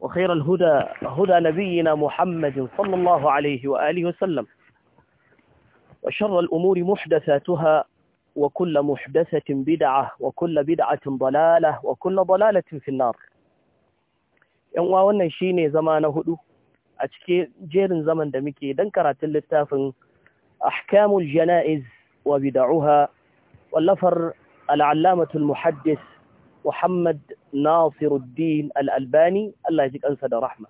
وخير الهدى هدى نبينا محمد صلى الله عليه وآله وسلم وشر الأمور محدثاتها وكل محدثة بدعة وكل بدعة ضلالة وكل ضلالة في النار يوم وانا شيني زمان هدو أتكي جير زمان دمكي دنكرة للتاف أحكام الجنائز وبدعها واللفر العلامة المحدث Muhammad Nasiruddin Al-Albani Allah ji kansa da rahma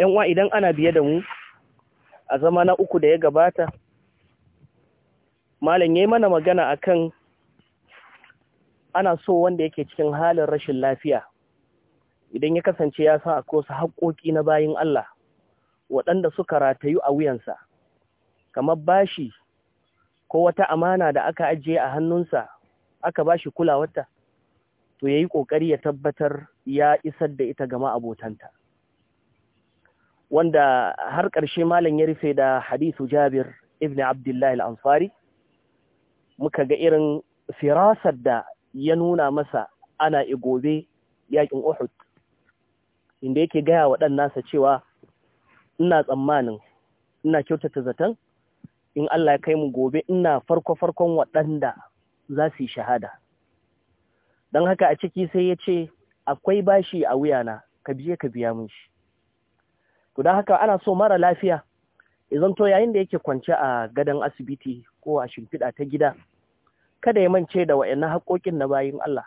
‘yan uwa idan ana biye da mu a zama na uku da ya gabata malam yayi mana magana akan ana so wanda yake cikin halin rashin lafiya idan ya kasance ya san akwai wasu haƙoƙi na bayin Allah waɗanda suka ratayu a wuyansa kamar bashi ko wata amana da aka ajiye a hannunsa aka bashi kulawarta to ya yi ƙoƙari ya tabbatar ya isar da ita gama abotanta wanda har ƙarshe malam ya rufe da hadithu jabir ibn abdullahi al'amfari muka ga irin firasar da ya nuna masa ana igobe yaƙin uhud inda yake gaya wa ɗan nasa cewa ina tsammanin ina kyautata zaton in Allah ya kai mu gobe ina farko-farkon waɗanda za su yi shahada don haka a ciki sai ya ce akwai bashi a wuyana ka biye ka biya mun shi to don haka ana so mara lafiya idan to yayin da yake kwance a gadon asibiti ko a shimfiɗa ta gida kada ya mance da wayannan haƙoƙin na bayin Allah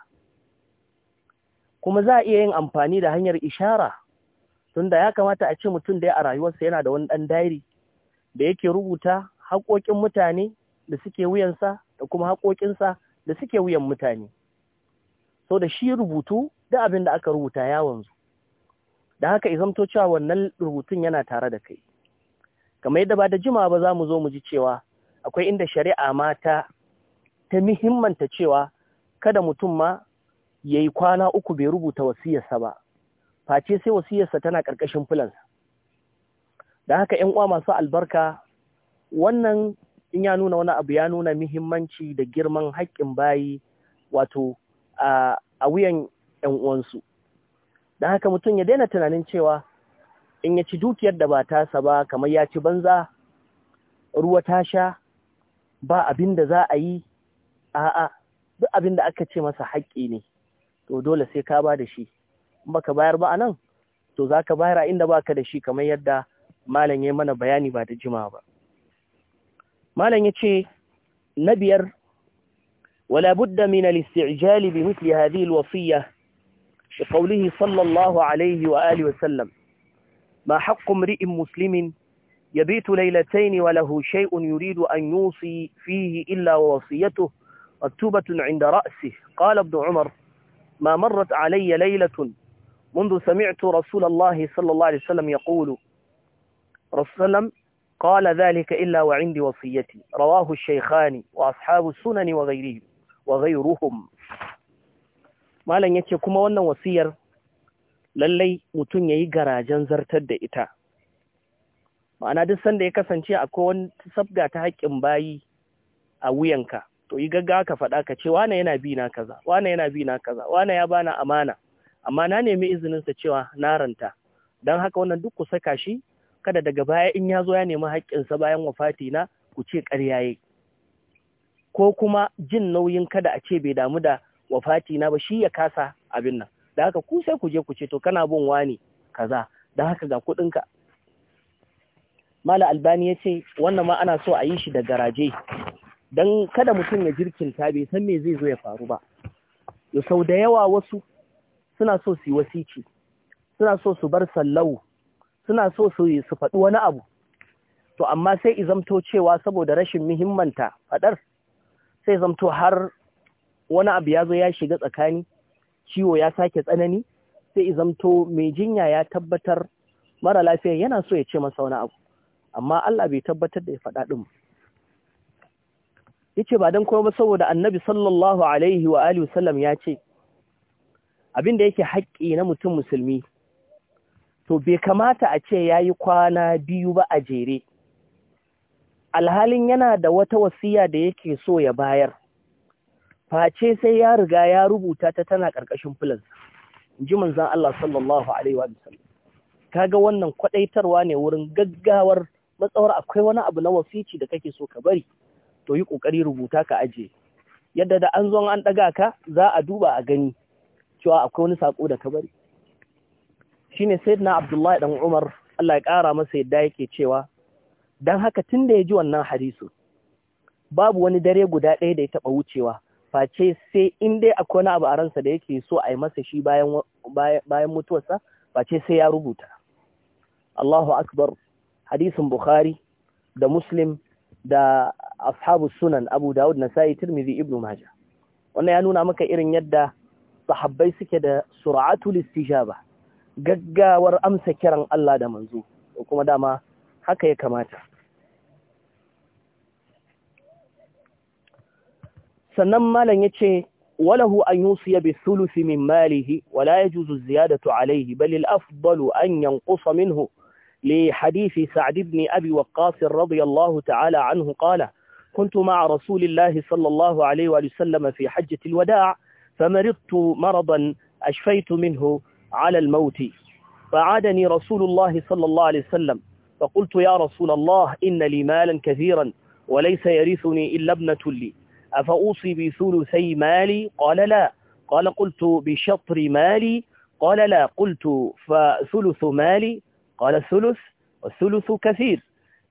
kuma za a iya yin amfani da hanyar ishara tunda ya kamata a ce mutum da ya a rayuwarsa yana da wani ɗan dairi da yake rubuta haƙoƙin mutane da suke wuyansa da kuma haƙoƙinsa da suke wuyan mutane so da shi rubutu da abin da aka rubuta ya wanzu da haka izamto cewa wannan rubutun yana tare da kai kamar yadda ba da jima ba za mu zo mu ji cewa akwai inda shari'a mata ta ta muhimmanta cewa kada mutum ma ya yi kwana uku bai rubuta wasiyarsa ba face sai wasiyarsa tana ƙarƙashin filansa da haka ‘yan uwa masu albarka wannan in ya nuna wani abu ya nuna muhimmanci da girman haƙƙin bayi wato a wuyan ‘yan uwansu. Don haka mutum ya daina tunanin cewa in ya ci dukiyar da ba tasa ba kamar ya ci banza, ruwa ta sha, ba abin da za a yi, a'a, duk abin da aka ce masa haƙƙi ne, to dole sai ka ba da shi. baka bayar ba a nan, to za ka bayar a inda baka da shi kamar yadda malam ya mana bayani ba da jima ba. Malam ya ce, na biyar ولا بد من الاستعجال بمثل هذه الوصية بقوله صلى الله عليه وآله وسلم ما حق امرئ مسلم يبيت ليلتين وله شيء يريد أن يوصي فيه إلا ووصيته مكتوبة عند رأسه قال ابن عمر ما مرت علي ليلة منذ سمعت رسول الله صلى الله عليه وسلم يقول رسول قال ذلك إلا وعندي وصيتي رواه الشيخان وأصحاب السنن وغيرهم wa ghayruhum malam ya ce kuma wannan wasiyar lallai mutum yayi garajen zartar da ita ma'ana duk sanda ya kasance akwai wani sabga ta haƙƙin bayi a wuyanka to yi gaggawa ka faɗa ka ce wane yana bi na kaza wane yana bi na kaza wane ya bana amana amma na nemi izinin sa cewa na ranta dan haka wannan duk ku saka shi kada daga baya in ya zo ya nemi haƙƙinsa bayan wafati na ku ce ƙarya yake ko kuma jin nauyin kada a ce bai damu da wafati na ba shi ya kasa abin nan da haka ku sai ku je ku ce to kana bin wani kaza da haka ga kuɗinka mala albani ya ce wannan ma ana so a yi shi da garaje don kada mutum ya jirkinta bai san me zai zo ya faru ba ya sau da yawa wasu suna so su yi wasici suna so su bar sallau suna so su faɗi wani abu to amma sai izamto cewa saboda rashin muhimmanta faɗar sai zamto har wani abu ya zo ya shiga tsakani ciwo ya sake tsanani sai zamto mai jinya ya tabbatar mara lafiya yana so ya ce masa wani abu amma Allah bai tabbatar da ya faɗa ɗin ce ba don kuma saboda annabi sallallahu alaihi wa alihi wasallam ya ce abin da yake haƙƙi na mutum musulmi to bai kamata a ce ya yi kwana biyu ba a jere alhalin yana da wata wasiya da yake so ya bayar face sai ya riga ya rubuta ta tana ƙarƙashin filansa ji manzan Allah sallallahu alaihi wa sallam kaga wannan kwadaitarwa ne wurin gaggawar matsawar akwai wani abu na wasici da kake so ka bari to yi kokari rubuta ka aje yadda da an zo an ɗaga ka za a duba a gani cewa akwai wani sako da ka bari Shi ne sayyidina Abdullahi dan Umar Allah ya kara masa yadda yake cewa don haka tun da ya ji wannan hadisu, babu wani dare guda ɗaya da ya taɓa wucewa face sai in dai akwai wani abu a ransa da yake so a yi masa shi bayan mutuwarsa face sai ya rubuta Allahu akbar hadisin Bukhari da Muslim da ashabu sunan Abu Dawud na Nasa'i Tirmidhi Ibn Majah wannan ya nuna maka irin yadda sahabbai suke da sur'atul istijaba gaggawar amsa kiran Allah da manzo kuma dama haka ya kamata sannan مالا yace walahu an يوصي بالثلث من min malihi wala الزيادة ziyadatu بل الأفضل أن ينقص an minhu لحديث سعد بن أبي وقاص رضي الله تعالى عنه قال كنت مع رسول الله صلى الله عليه وآله وسلم في حجة الوداع فمرضت مرضا أشفيت منه على الموت فعادني رسول الله صلى الله عليه وسلم فقلت يا رسول الله إن لي مالا كثيرا وليس يرثني إلا ابنة لي أفأوصي بثلثي مالي قال لا قال قلت بشطر مالي قال لا قلت فثلث مالي قال ثلث والثلث كثير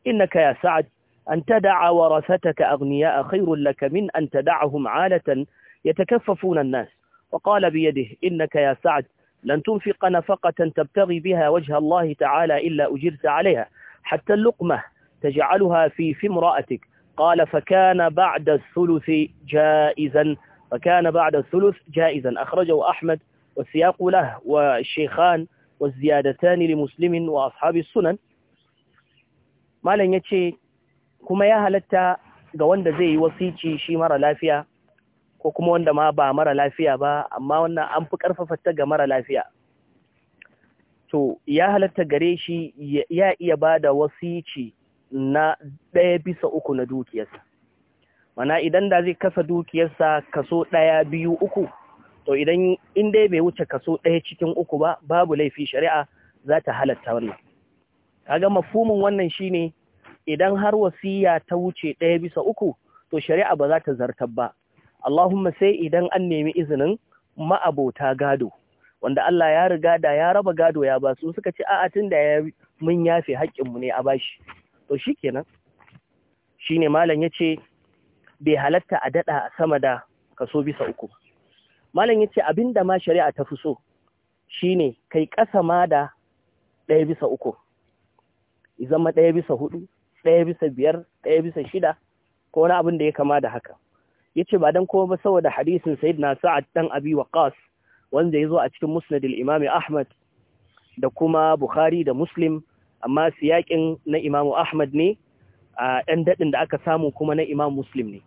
إنك يا سعد أن تدع ورثتك أغنياء خير لك من أن تدعهم عالة يتكففون الناس وقال بيده إنك يا سعد لن تنفق نفقة تبتغي بها وجه الله تعالى إلا أجرت عليها حتى اللقمة تجعلها في في امرأتك قال فكان بعد الثلث جائزا فكان بعد الثلث جائزا أخرجه أحمد والسياق له والشيخان والزيادتان لمسلم وأصحاب السنن ما لن يتشي كما يهلت ga wanda zai yi wasici shi mara lafiya ko kuma wanda ma ba mara lafiya ba amma wannan an fi karfafa ta ga mara lafiya to ya halatta gare shi ya iya ba da wasici na ɗaya bisa uku na dukiyarsa mana idan da zai kasa dukiyarsa kaso ɗaya biyu uku to idan in dai bai wuce kaso ɗaya cikin uku ba babu laifi shari'a za ta halatta wannan kaga mafumin wannan shi ne? idan har wasiya ta wuce ɗaya bisa uku to shari'a ba za ta zartar ba Allahumma sai idan an nemi izinin ma'abota gado wanda Allah ya riga da ya raba gado ya basu suka ce a'a tun da ya mun yafe haƙƙinmu ne a bashi to shi kenan shi malam ya ce bai halatta a daɗa sama da kaso bisa uku malam ya ce abin da ma shari'a ta fi so shi kai kasa ma da ɗaya bisa uku zama ɗaya bisa hudu ɗaya bisa biyar ɗaya bisa shida ko wani abin da ya kama da haka ya ce ba don kowa ba saboda hadisin na sa'ad Dan abi waqas wanda ya zo a cikin musnadil imami ahmad da kuma bukhari da muslim amma siyakin na imamu Ahmad ne a ɗan daɗin da aka samu kuma na imam Muslim ne.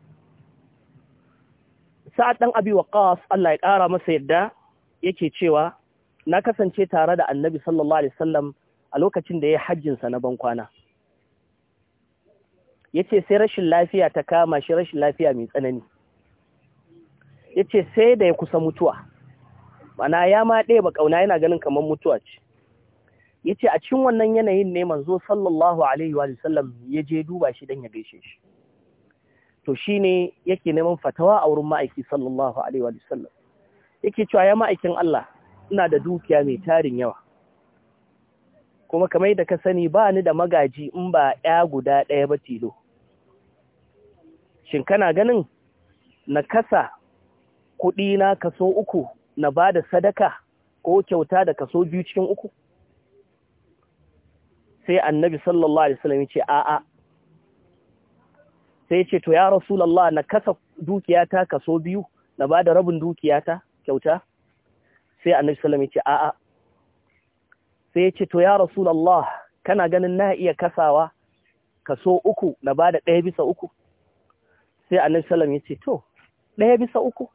Sa'ad ɗan abi ƙawas Allah ya ƙara masa yadda yake cewa na kasance tare da annabi sallallahu Alaihi wasallam a lokacin da ya hajjinsa na bankwana. Ya ce sai rashin lafiya ta kama shi rashin lafiya mai tsanani. Ya ce sai da ya kusa mutuwa, mana ya ma ɗaya ba ƙauna yana ganin kamar mutuwa ce. yace a cikin wannan yanayin ne manzo sallallahu alaihi wa sallam ya je duba shi dan ya gaishe shi to shine yake neman fatawa a wurin ma'aiki sallallahu alaihi wa sallam yake cewa ya ma'aikin Allah ina da dukiya mai tarin yawa kuma kamar da ka sani ba ni da magaji in ba ya guda ɗaya ba tilo shin kana ganin na kasa kuɗi na kaso uku na ba da sadaka ko kyauta da kaso biyu cikin uku sai annabi sallallahu alaihi wasallam ya ce a'a sai ya ce to ya rasulullah na kasa dukiyata kaso biyu na bada rabin dukiyata kyauta sai annabi sallallahu alaihi wasallam ya ce a'a sai ya ce to ya rasulullah kana ganin na iya kasawa kaso uku na bada ɗaya bisa uku sai annabi sallallahu alaihi wasallam ya ce to ɗaya bisa uku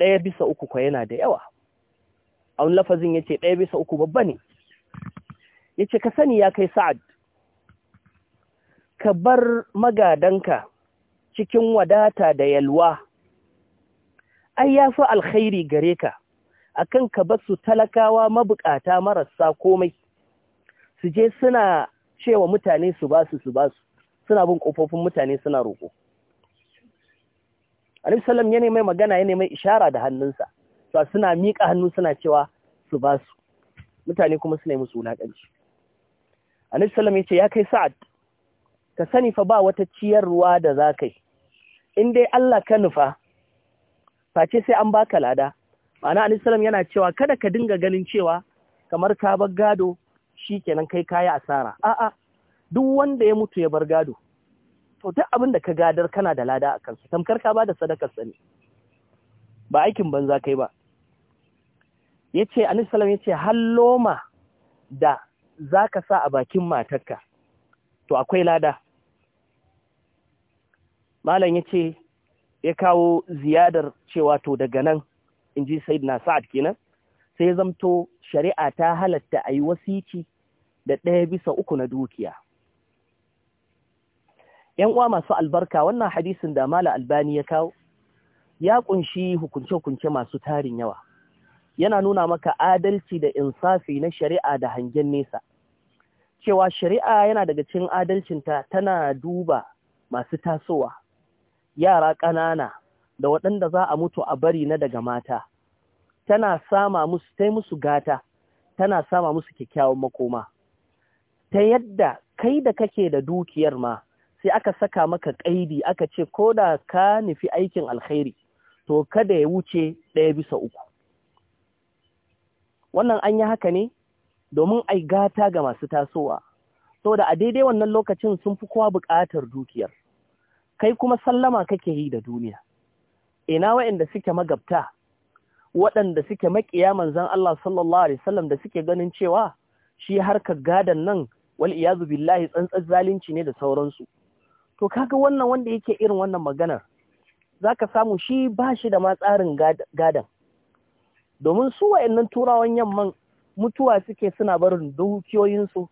ɗaya bisa uku ko yana da yawa a wani lafazin ya ce ɗaya bisa uku babba ne ya ce ka sani ya kai sa'ad ka bar magadanka cikin wadata da yalwa ai ya fi alkhairi gare ka akan ka bar su talakawa mabukata marasa komai su je suna cewa mutane su basu su basu suna bin kofofin mutane suna roƙo alif salam ya mai magana ya mai ishara da hannunsa suna miƙa hannu suna cewa su basu mutane kuma suna yi musu wulaƙanci Salam sallam yace ya kai sa'ad ka sani fa ba wata ciyarwa da za kai in dai Allah ka nufa face sai an baka lada ma'ana annabi sallam yana cewa kada ka dinga ganin cewa kamar ka bar gado shikenan kai kaya asara a'a duk wanda ya mutu ya bar gado to duk abin da ka gadar kana da lada a kansu tamkar ka bada sadakar sani ba aikin banza kai ba yace Salam sallam yace halloma da za ka sa a bakin matarka, to akwai lada. Malam ya ce, ya kawo ziyadar cewa to daga nan, in ji na Sa'ad kenan, sai zamto shari'a ta halatta a yi wasici da ɗaya bisa uku na dukiya. ‘Yan uwa masu albarka wannan hadisin da Malam Albani ya kawo, ya ƙunshi hukunce-hukunce masu tarin yawa. yana nuna maka adalci da insafi na shari'a da hangen nesa cewa shari'a yana daga cikin adalcinta tana duba masu tasowa yara ƙanana da waɗanda za a mutu a bari na daga mata tana sama musu tai musu gata tana sama musu kyakkyawan makoma ta yadda kai da kake da dukiyar ma sai aka saka maka ƙaidi aka ce ko da ka nufi aikin alkhairi to kada ya wuce ɗaya bisa uku wannan an yi haka ne domin ai gata ga masu tasowa da a daidai wannan lokacin sun fi kowa buƙatar dukiyar kai kuma sallama kake yi da duniya ina waɗanda suke magabta waɗanda suke maƙiya manzan Allah sallallahu alaihi wasallam da suke ganin cewa shi harkar gadan nan wal iyazu billahi tsantsar zalunci ne da sauransu to kaga wannan wanda yake irin wannan maganar zaka samu shi ba shi da ma tsarin gadan domin su wa'annan turawan yamman mutuwa suke suna barin dukiyoyinsu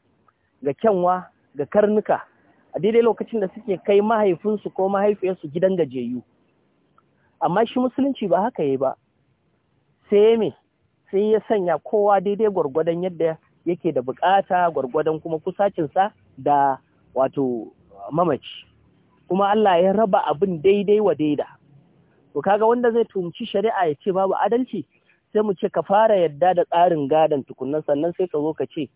ga kyanwa ga karnuka a daidai lokacin da suke kai mahaifinsu ko mahaifiyarsu gidan gajeyu amma shi musulunci ba haka yi ba sai me sai ya sanya kowa daidai gwargwadon yadda yake da bukata gwargwadon kuma kusacinsa da wato mamaci kuma Allah ya raba abin daidai wa daida to kaga wanda zai tumci shari'a ya ce babu adalci sai mu ce ka fara yadda da tsarin gadon tukunan sannan sai ka zo ka ce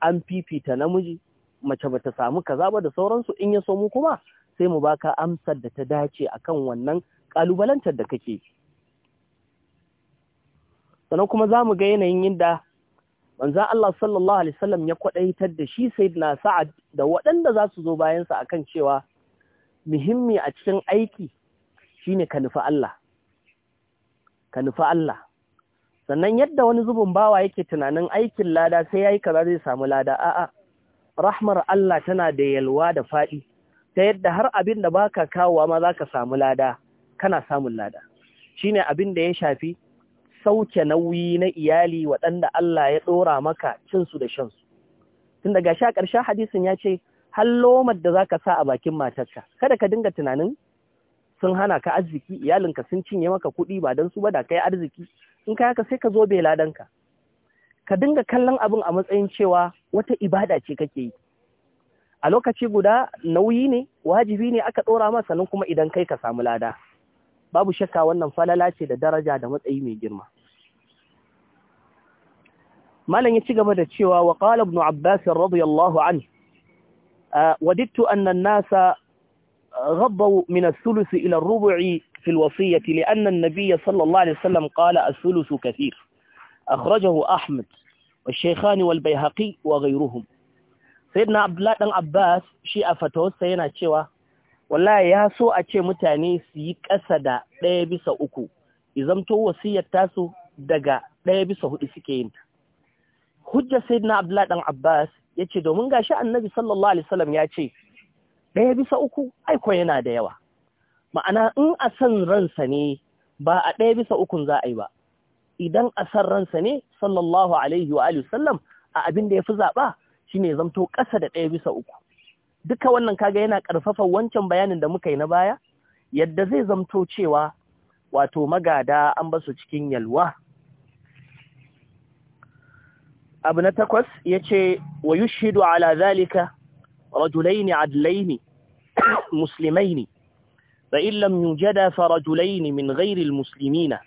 an fifita namiji mace bata samu kaza ba da sauransu in ya so mu kuma sai mu baka amsar da ta dace akan wannan kalubalantar da kake sannan kuma za mu ga yanayin yadda manzan Allah sallallahu alaihi wasallam ya kwadaitar da shi sayyidina Sa'ad da waɗanda za su zo bayansa akan cewa muhimmi a cikin aiki shine ka Allah ka nufi Allah sannan yadda wani zubin bawa yake tunanin aikin lada sai ya yi kaza zai samu lada a'a rahmar Allah tana da yalwa da faɗi ta yadda har abin da baka kawowa ma ka samu lada kana samun lada shine abin da ya shafi sauke nauyi na iyali waɗanda Allah ya ɗora maka cinsu da shansu. Tun daga sha ƙarshen hadisin ya ce, har da za ka sa a bakin matarka, kada ka dinga tunanin sun hana ka arziki iyalinka sun cinye maka kuɗi ba don su ba da kai arziki in ka haka sai ka zo bai ladanka ka dinga kallon abin a matsayin cewa wata ibada ce kake yi a lokaci guda nauyi ne wajibi ne aka ɗora masa nan kuma idan kai ka samu lada babu shakka wannan falala ce da daraja da matsayi mai girma malam ya ci gaba da cewa wa qala ibn abbas radiyallahu anhu ah, wadittu anna an-nasa غضوا من الثلث إلى الربع في الوصية لأن النبي صلى الله عليه وسلم قال الثلث كثير أخرجه أحمد والشيخان والبيهقي وغيرهم سيدنا عبد الله عباس شيء فتوسا yana cewa wallahi ya so a ce mutane su yi ƙasa da ɗaya bisa uku izamto wasiyar tasu daga ɗaya bisa hudu suke yin ta hujja sayyidina abdullah dan abbas yace domin gashi annabi sallallahu ya ce ɗaya bisa uku aiko yana da yawa ma'ana in a san ransa ne ba a ɗaya bisa ukun za a yi ba idan a san ransa ne sallallahu alaihi wa alihi sallam a abin da ya fi zaɓa shine zamto ƙasa da ɗaya bisa uku duka wannan kaga yana ƙarfafa wancan bayanin da muka yi na baya yadda zai zamto cewa wato magada an basu cikin yalwa abu na takwas ya ce wa yushidu ala zalika رجلين عدلين مسلمين فإن لم يوجدا فرجلين من غير المسلمين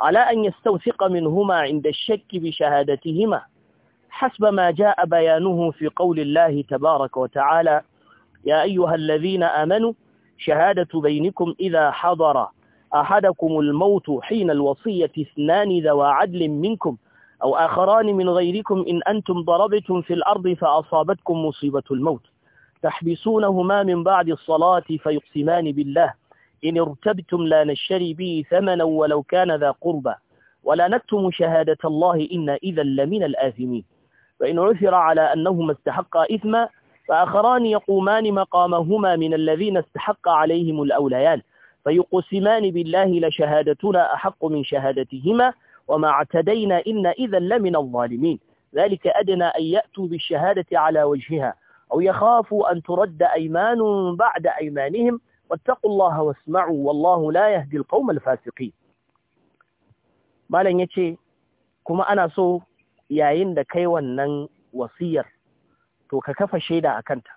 على أن يستوثق منهما عند الشك بشهادتهما حسب ما جاء بيانه في قول الله تبارك وتعالى يا أيها الذين آمنوا شهادة بينكم إذا حضر أحدكم الموت حين الوصية اثنان ذوى عدل منكم أو آخران من غيركم إن أنتم ضربتم في الأرض فأصابتكم مصيبة الموت تحبسونهما من بعد الصلاة فيقسمان بالله إن ارتبتم لا نشتري به ثمنا ولو كان ذا قربى ولا نكتم شهادة الله إنا إذا لمن الآثمين فإن عثر على أنهما استحقا إثما فآخران يقومان مقامهما من الذين استحق عليهم الأوليان فيقسمان بالله لشهادتنا أحق من شهادتهما وما اعتدينا إن إذا لمن الظالمين ذلك أدنى أن يأتوا بالشهادة على وجهها أو يخافوا أن ترد أيمان بعد أيمانهم واتقوا الله واسمعوا والله لا يهدي القوم الفاسقين ما لن يتشي كما أنا سو yayin da kai wannan wasiyar to ka kafa shaida a kanta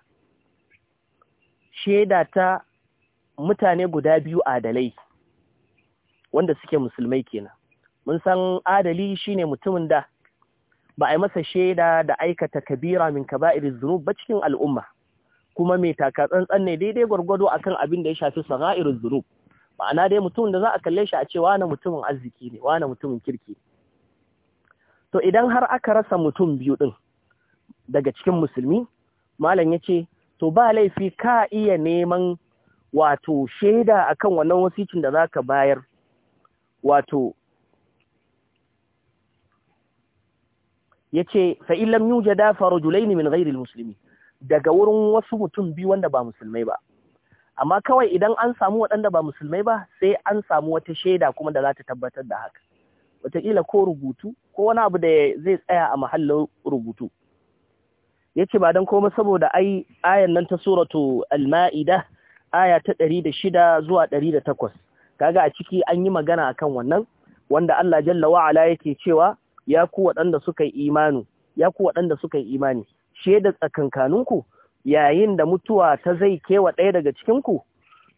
shaida ta mutane guda biyu adalai mun san adali shine mutumin da ba a yi masa shaida da aikata kabira min kaba'ir zunub ba cikin al'umma kuma mai taka tsantsan ne daidai gwargwado akan abin da ya shafi sagair zunub ma'ana dai mutumin da za a kalle shi a ce wani mutumin arziki ne wani mutumin kirki to idan har aka rasa mutum biyu din daga cikin musulmi malam ya ce to ba laifi ka iya neman wato shaida akan wannan wasicin da za ka bayar wato Ya yace fa’ilam in jada ne julai ne min gairi Musulmi?" daga wurin wasu mutum biyu wanda ba musulmai ba amma kawai idan an samu waɗanda ba musulmai ba sai an samu wata shaida kuma da za ta tabbatar da haka wataƙila ko rubutu ko wani abu da zai tsaya a mahallin rubutu Ya ce ba don koma saboda ai ayan nan ta suratu al-ma'ida aya ta ɗari da shida zuwa ɗari da takwas kaga a ciki an yi magana akan wannan wanda Allah jalla wa'ala yake cewa ya ku waɗanda suka yi imani ya ku waɗanda suka yi imani shaida tsakankaninku yayin da mutuwa ta zai kewa ɗaya daga cikinku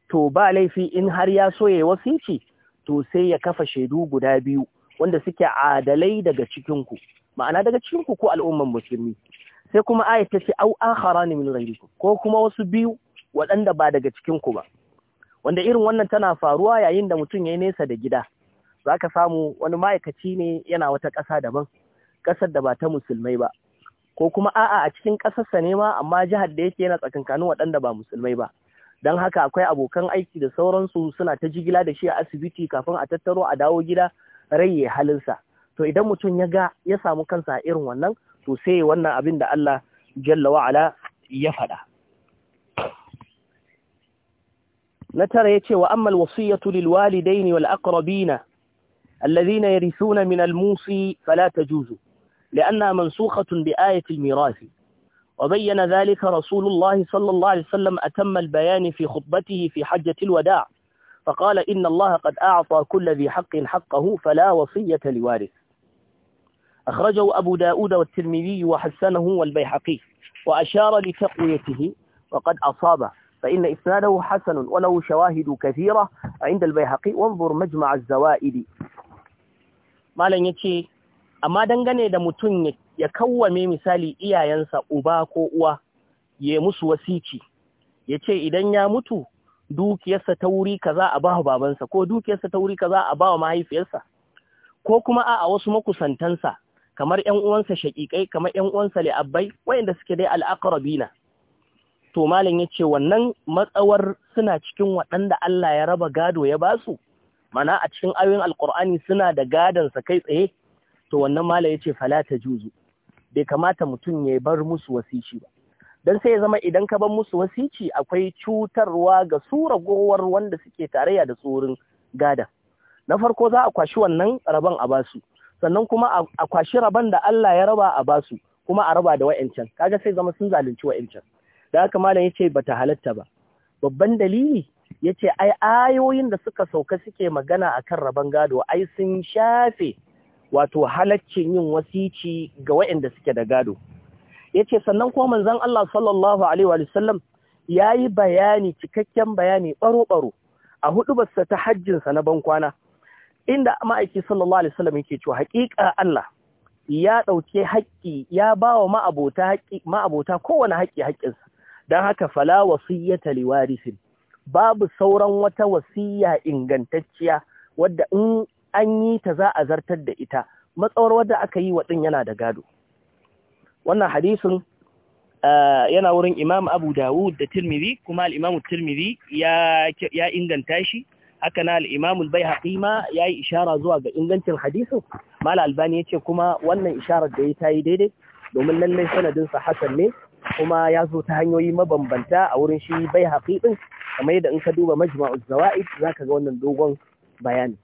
to ba laifi in har ya so ya wasici to sai ya kafa shaidu guda biyu wanda suke adalai daga cikinku ma'ana daga cikinku ko al'umman musulmi sai kuma ayat ta ce au ne min ko kuma wasu biyu waɗanda ba daga cikinku ba wanda irin wannan tana faruwa yayin da mutum ya yi nesa da gida za ka samu wani ma'aikaci ne yana wata ƙasa daban ƙasar da ba ta musulmai ba ko kuma a'a a cikin ƙasarsa ne ma amma jihar da yake yana tsakankanin waɗanda ba musulmai ba don haka akwai abokan aiki da sauransu suna ta jigila da shi a asibiti kafin a tattaro a dawo gida raye halinsa to idan mutum ya ga ya samu kansa a irin wannan to sai wannan abin da Allah jalla wa'ala ya faɗa na tara ya ce wa ammal wasiyatu lil walidaini wal aqrabina الذين يرثون من الموصي فلا تجوز لأنها منسوخة بآية الميراث وبين ذلك رسول الله صلى الله عليه وسلم أتم البيان في خطبته في حجة الوداع فقال إن الله قد أعطى كل ذي حق حقه فلا وصية لوارث أخرجه أبو داود والترمذي وحسنه والبيحقي وأشار لتقويته وقد أصابه فإن إسناده حسن وله شواهد كثيرة عند البيهقي وانظر مجمع الزوائد malam ya ce amma dangane da mutum ya kawwame misali iyayensa uba ko uwa ya musu wasiki, ya ce idan ya mutu dukiyarsa ta wuri kaza a ba babansa ko dukiyarsa ta wuri kaza a ba mahaifiyarsa ko kuma a wasu makusantansa kamar ‘yan uwansa shaƙiƙai kamar ‘yan uwansa li'abbai wayanda suke dai al'akarabina to malam ya ce wannan matsawar suna cikin waɗanda Allah ya raba gado ya basu mana a cikin ayoyin alkur'ani suna da gadon sa kai tsaye to wannan mala yace fala ta juzu bai kamata mutum ya bar musu wasici ba dan sai ya zama idan ka bar musu wasici akwai cutarwa ga su ragowar wanda suke tarayya da tsorin gada na farko za a kwashi wannan rabon a basu sannan kuma a kwashi rabon da Allah ya raba a basu kuma a raba da wayancan kaga sai zama sun zalunci wayancan da haka yace bata halatta ba babban dalili ya ce ai ayoyin da suka sauka suke magana a kan rabon gado ai sun shafe wato halaccin yin wasici ga waɗanda suke da gado ya ce sannan kuma manzan Allah sallallahu alaihi wa ya yi bayani cikakken bayani ɓaro-ɓaro a hudu su ta hajjinsa na bankwana inda ma'aiki sallallahu alaihi wasallam yake cewa haƙiƙa Allah ya ɗauke haƙƙi ya ba wa ma'abota kowane haƙƙi haƙƙinsa don haka fala wasiyyata liwarisin babu sauran wata wasiya ingantacciya wadda in an yi ta za a zartar da ita matsawar wadda aka yi waɗin yana da gado wannan hadisin eh, yana wurin imam abu dawud da tirmidhi kuma al'imamu tirmidhi ya inganta shi haka na al'imamu bai ma ya yi ishara zuwa ga ingancin hadisin mala albani ya ce kuma wannan isharar da ya ta yi daidai domin lallai sanadinsa hasan ne kuma ya zo ta hanyoyi mabambanta a wurin shi bai haƙiƙin kamar yadda in ka duba majma'uz zawa'id za ka ga wannan dogon bayani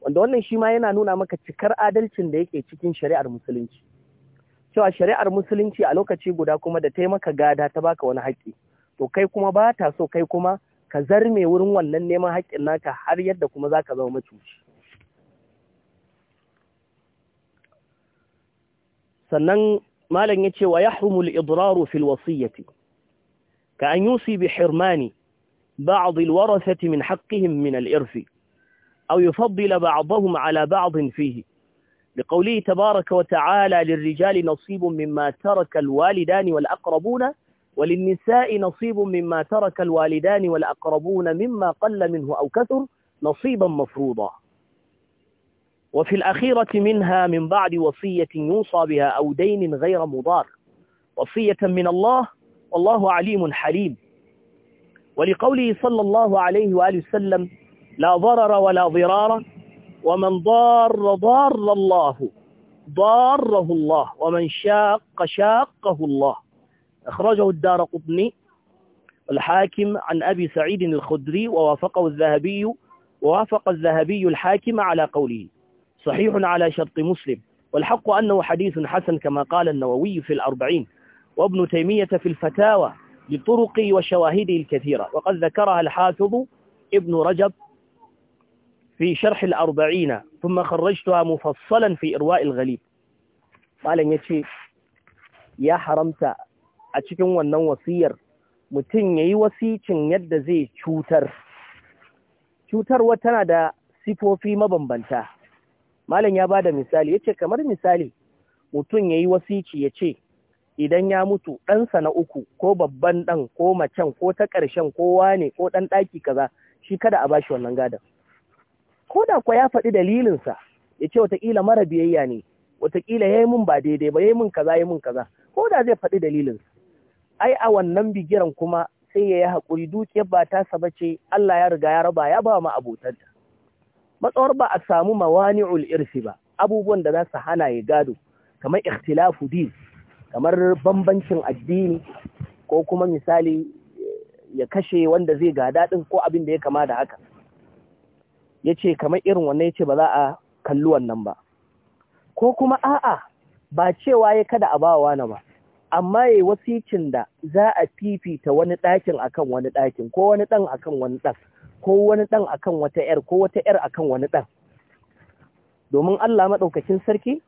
wanda wannan shi ma yana nuna maka cikar adalcin da yake cikin shari'ar musulunci cewa shari'ar musulunci a lokaci guda kuma da taimaka gada ta baka wani haƙƙi to kai kuma ba ta so kai kuma ka zarme wurin wannan neman haƙƙin naka har yadda kuma za ka zama macuci sannan مالن يتي ويحرم الإضرار في الوصية كأن يوصي بحرمان بعض الورثة من حقهم من الإرث أو يفضل بعضهم على بعض فيه لقوله تبارك وتعالى للرجال نصيب مما ترك الوالدان والأقربون وللنساء نصيب مما ترك الوالدان والأقربون مما قل منه أو كثر نصيبا مفروضا وفي الأخيرة منها من بعد وصية يوصى بها أو دين غير مضار وصية من الله والله عليم حليم ولقوله صلى الله عليه وآله وسلم لا ضرر ولا ضرار ومن ضار ضار الله ضاره الله ومن شاق شاقه الله أخرجه الدار قطني الحاكم عن أبي سعيد الخدري ووافقه الذهبي ووافق الذهبي الحاكم على قوله صحيح على شرط مسلم والحق أنه حديث حسن كما قال النووي في الأربعين وابن تيمية في الفتاوى لطرق وشواهده الكثيرة وقد ذكرها الحافظ ابن رجب في شرح الأربعين ثم خرجتها مفصلا في إرواء الغليب قال يتشي يا حرمت أتشكم ونن وصير متن يوصي چن يد زي شوتر وتنادى tana في sifofi mabambanta malam ya bada misali yace kamar misali mutum yayi wasici yace idan ya mutu ɗansa na uku ko babban ɗan ko macen ko ta ƙarshen ko wane ko ɗan ɗaki kaza shi kada a bashi wannan gadon ko da kuwa ya faɗi dalilinsa ya ce watakila mara biyayya ne watakila ya yi min ba daidai ba ya yi min kaza ya yi min kaza ko da zai faɗi dalilinsa ai a wannan bigiran kuma sai ya yi haƙuri dukiyar ba ta ba ce Allah ya riga ya raba ya ba ma abotanta matsawar ba a samu mawani'ul irfi ba abubuwan da za su hana ya gado kamar ikhtilafu din kamar bambancin addini ko kuma misali ya kashe wanda zai gada din ko abin da ya kama da haka yace kamar irin wannan yace ba za a kalli wannan ba ko kuma a'a ba cewa ya kada a ba wa wani ba amma yayi wasicin da za a fifita wani ɗakin akan wani ɗakin ko wani ɗan akan wani ɗan ko wani ɗan akan wata ‘yar ko wata ‘yar akan wani ɗan domin Allah maɗaukacin sarki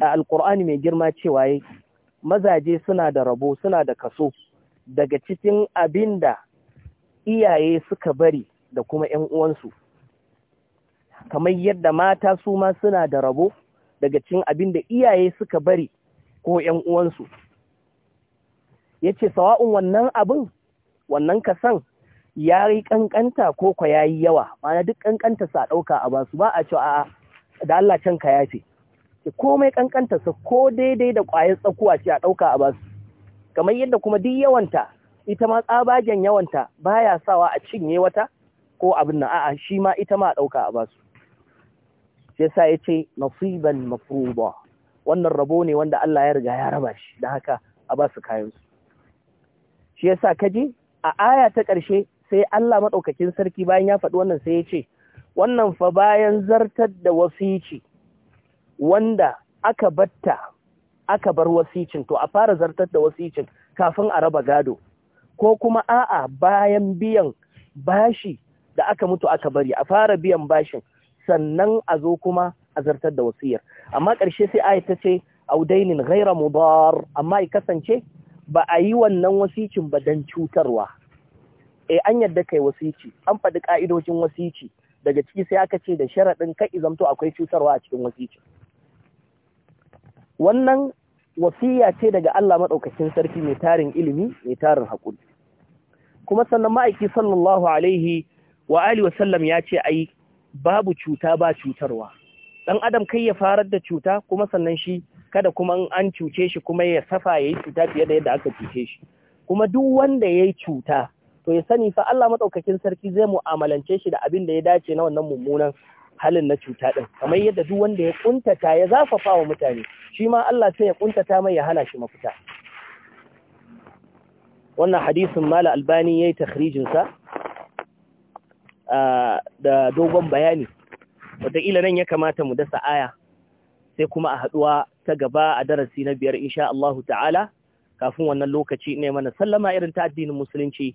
a alƙur'ani mai girma cewa yi mazaje suna da rabo suna da kaso daga cikin abin da iyaye suka bari da kuma ‘yan uwansu kamar yadda mata su ma suna da rabo daga cikin abin da iyaye suka bari ko ‘yan uwansu ya ce sawa'un wannan abin wannan kasan ya yi kankanta ko kwa ya yi yawa mana duk kankanta sa ɗauka a basu ba a cewa a da Allah can ka yafe komai kankanta sa ko daidai da ƙwayar tsakuwa ce a ɗauka a basu kamar yadda kuma duk yawanta ita ma tsabagen yawanta baya sawa a cinye wata ko abin nan a'a shi ma ita ma a ɗauka a basu sai sa ya ce nasiban mafruba wannan rabo ne wanda Allah ya riga ya raba shi da haka a basu kayansu shi yasa kaji a aya ta ƙarshe sai Allah maɗaukakin sarki bayan ya faɗi wannan sai ya ce wannan fa bayan zartar da wasici wanda aka batta aka bar wasicin to a fara zartar da wasicin kafin a raba gado ko kuma a'a bayan biyan bashi da aka mutu aka bari a fara biyan bashin sannan a zo kuma a zartar da wasiyar amma ƙarshe sai ayat ta ce audainin gaira mudar amma ya kasance ba a yi wannan wasicin ba don cutarwa eh an yadda kai wasici an faɗi ka'idojin wasici daga ciki sai aka ce da sharaɗin kai zamto akwai cutarwa a cikin wasici wannan wasiya ce daga Allah maɗaukacin sarki mai tarin ilimi mai tarin hakuri kuma sannan ma'aiki sallallahu alaihi wa alihi wa sallam ya ce ai babu cuta ba cutarwa dan adam kai ya farar da cuta kuma sannan shi kada kuma an cuce shi kuma ya safa yayi cuta fiye da yadda aka cuce shi kuma duk wanda yayi cuta to ya sani fa Allah madaukakin sarki zai mu'amalance shi da abin da ya dace na wannan mummunan halin na cuta ɗin. kamar yadda duk wanda ya kuntata ya zafafa wa mutane shi ma Allah sai ya kuntata mai ya hana shi mafita wannan hadisin mala albani ya yi sa ah, da dogon bayani wataƙila nan ya kamata mu dasa aya sai kuma a haɗuwa ta gaba a darasi na biyar insha Allah ta'ala kafin wannan lokaci ne mana sallama irin ta addinin musulunci